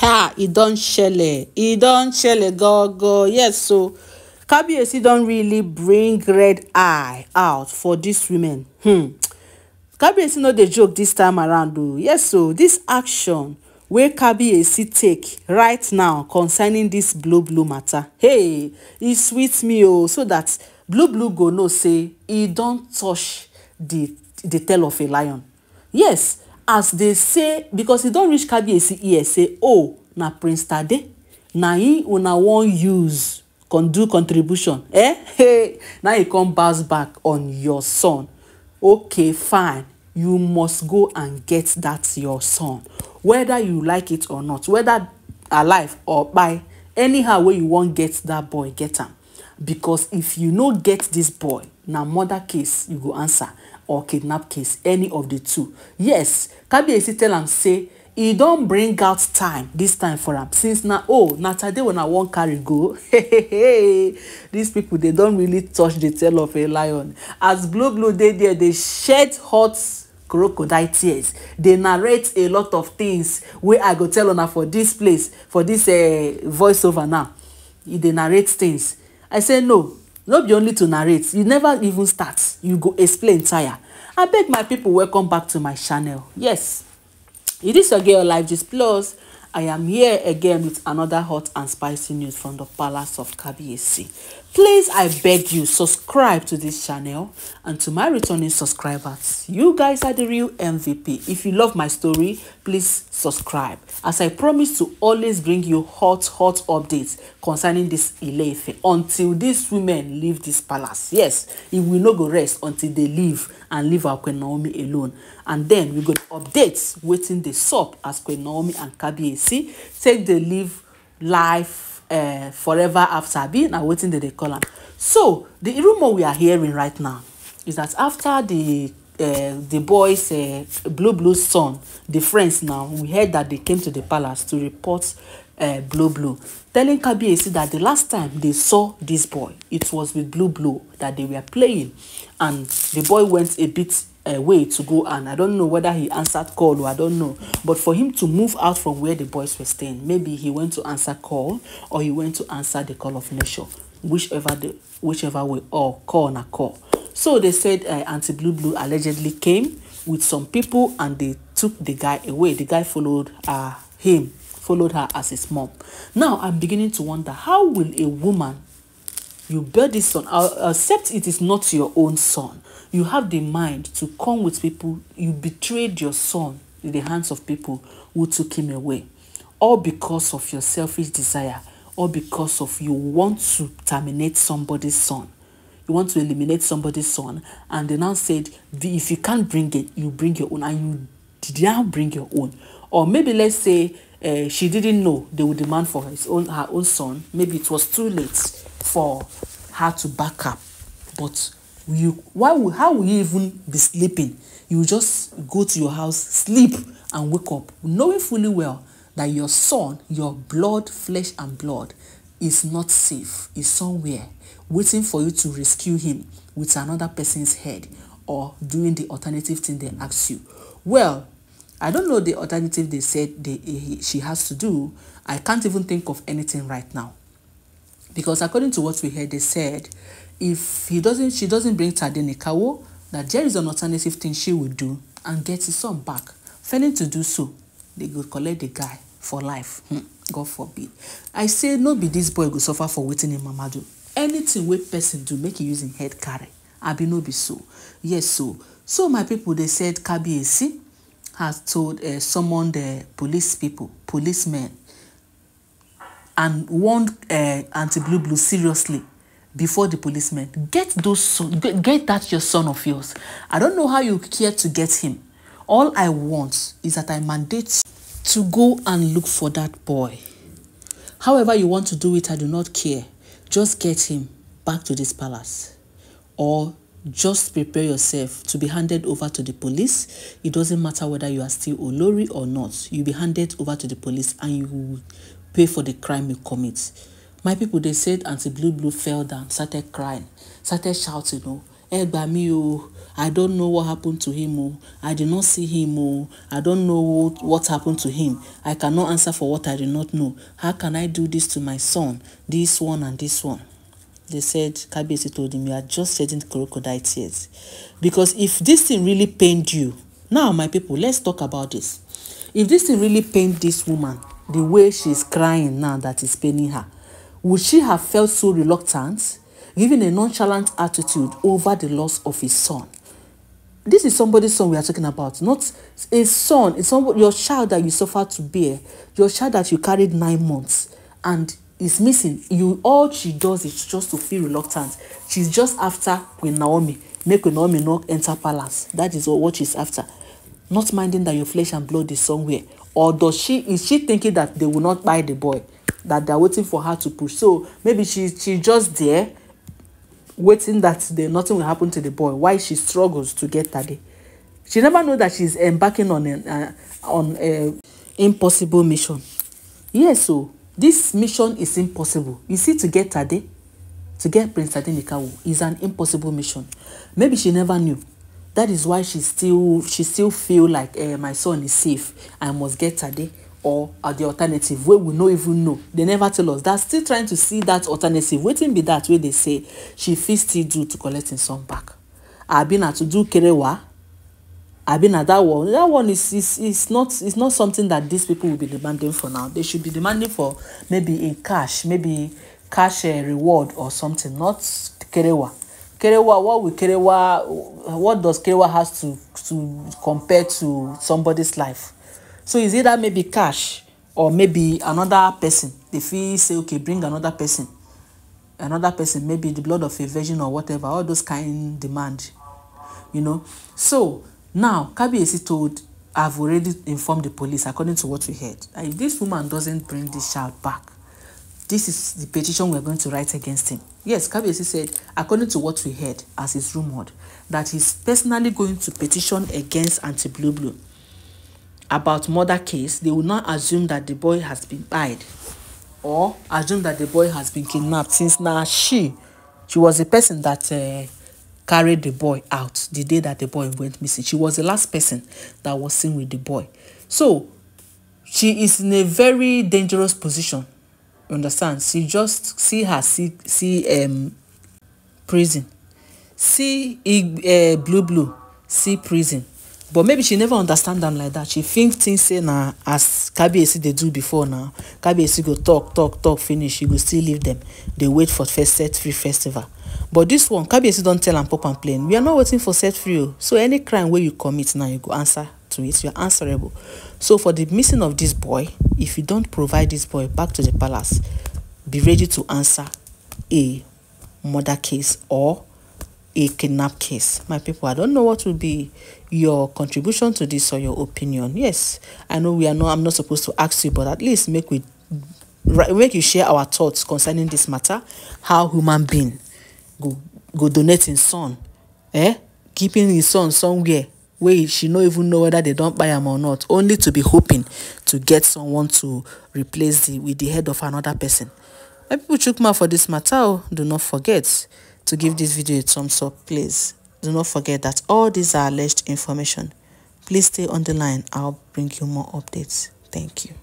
ha e don shele e don shele gogo yes so kabiyesi don really bring red eye out for dis women hmm. kabiyesi no dey joke dis time around o yes so, dis action wey kabiyesi take right now concerning dis blue blue matter hey e sweet me o so that blue blue go know say e don touch the the tail of a lion yes as dey say because e don reach kabiyesi ear say oh na prince tade na him una wan use con do contribution eh hey, now he come bounce back on your son okay fine you must go and get that your son whether you like it or not whether alive or kpai anyhow wey you wan get that boy get am because if you no get this boy na murder case you go answer or kidnap case any of the two yes kabiyesi tell am say e don bring out time this time for am since na oh na today una wan carry go These people, dey don really touch the tail of a lion as glo glo dey there dey shed hot crocodile tears dey narrate a lot of things wey i go tell una for this place for dis eh, voice over now e dey narrate things i say no no be only to narrate you never even start you go explain tire abeg my people welcome back to my channel yes it is your girl life gist plus i am here again with another hot and spicy news from the palace of kabiyesi Please, I beg you, subscribe to this channel and to my returning subscribers. You guys are the real MVP. If you love my story, please subscribe. As I promise to always bring you hot, hot updates concerning this ile until these women leave this palace. Yes, it will not go rest until they leave and leave our Queen Naomi alone. And then we got updates waiting the sup as Queen Naomi and Kabiyesi take the live life uh, forever after abi na wetin dem dey call am so the rumour we are hearing right now is that after the uh, the boys uh, blue blue son the friends now we heard that they came to the palace to report uh, blue blue telling kabiyesi that the last time they saw this boy it was with blue blue that they were playing and the boy went a bit A way to go and I don't know whether he answered call or I don't know. But for him to move out from where the boys were staying, maybe he went to answer call or he went to answer the call of nature, whichever the whichever way or call a call. So they said uh, Auntie Blue Blue allegedly came with some people and they took the guy away. The guy followed uh, him, followed her as his mom. Now I'm beginning to wonder how will a woman you bear this son, uh, except it is not your own son you have the mind to come with people. You betrayed your son in the hands of people who took him away, all because of your selfish desire, or because of you want to terminate somebody's son. You want to eliminate somebody's son, and they now said, if you can't bring it, you bring your own, and you did not bring your own. Or maybe let's say uh, she didn't know they would demand for his own her own son. Maybe it was too late for her to back up, but you why will how will you even be sleeping you just go to your house sleep and wake up knowing fully well that your son your blood flesh and blood is not safe is somewhere waiting for you to rescue him with another person's head or doing the alternative thing they ask you well i don't know the alternative they said they, she has to do i can't even think of anything right now because according to what we heard they said if he doesn't she doesn't bring Tade Nikawo that there is an alternative thing she will do and get his son back failing to do so they go collect the guy for life hmm, God forbid I say no be this boy go suffer for waiting in mama do anything wey person do make you using head carry I be no be so yes so so my people they said Kabiyesi has told uh, summoned uh, police people policemen and warned uh, anti-blue blue seriously before the policeman. Get those son, get, get that your son of yours. I don't know how you care to get him. All I want is that I mandate to go and look for that boy. However you want to do it, I do not care. Just get him back to this palace. Or just prepare yourself to be handed over to the police. It doesn't matter whether you are still Olori or not. You'll be handed over to the police and you will pay for the crime you commit. my people dey said aunty blue blue fell down started crying started shouting o oh, ẹ gbà mí o i don't know what happened to him o oh. i did not see him o oh. i don't know what happened to him i cannot answer for what i did not know how can i do this to my son this one and this one they said kabiyesi told him you are just shedding crocodile tears because if this thing really pained you now my people let's talk about this if this thing really pained this woman the way she is crying now that is paining her Would she have felt so reluctant, giving a nonchalant attitude over the loss of his son? This is somebody's son we are talking about, not a son, it's somebody, your child that you suffered to bear, your child that you carried nine months and is missing. You all she does is just to feel reluctant. She's just after Queen Naomi. Make Queen Naomi not enter palace. That is what she's after. Not minding that your flesh and blood is somewhere. Or does she is she thinking that they will not buy the boy? that they're waiting for her to push so maybe she she just there waiting that the, nothing will happen to the boy why she struggles to get tade she never know that she's embarking on an uh, on a impossible mission yes so this mission is impossible you see to get tade to get prince tade is an impossible mission maybe she never knew that is why she still she still feel like uh, my son is safe i must get tade or at the alternative wey we no even know they never tell us dat still trying to see that alternative wetin be that wey they say she fit still do to collect im son back abi na to do kerewa abi na that one That one is is is not is not something that these people will be demanding for now they should be demanding for maybe in cash maybe cash uh, reward or something not kerewa kerewa what will kerewa what does kerewa has to to compare to somebody's life so it's either maybe cash or maybe another person they fit say okay bring another person another person maybe the blood of a virgin or whatever all those kind demand you know so now kabiyesi told i've already informed the police according to what we heard if this woman doesn't bring this child back this is the petition we're going to write against him yes kabiyesi said according to what we heard as is rumored, that he's personally going to petition against anti blue blue about murder case, they will not assume that the boy has been tied or assume that the boy has been kidnapped since now she she was the person that uh, carried the boy out the day that the boy went missing. She was the last person that was seen with the boy. So she is in a very dangerous position. Understand? She just see her see see um prison. See uh, eh, blue blue. See prison. but maybe she never understand am like that she think think say na as kabiyesi dey do before na kabiyesi go talk talk talk finish she go still leave dem dey wait for first set free festival but this one kabiyesi don tell am pop and plain we are not waiting for set free o so any crime wey you commit now you go answer to it you are answerable so for the missing of this boy if you don provide this boy back to the palace be ready to answer a murder case or a kidnap case. My people, I don't know what will be your contribution to this or your opinion. Yes, I know we are not, I'm not supposed to ask you, but at least make we make you share our thoughts concerning this matter, how human being go go donating son, eh? Keeping his son somewhere where she no even know whether they don't buy him or not, only to be hoping to get someone to replace the with the head of another person. My people took more for this matter. Oh, do not forget to give this video a thumbs up, please. Do not forget that all these are alleged information. Please stay on the line. I'll bring you more updates. Thank you.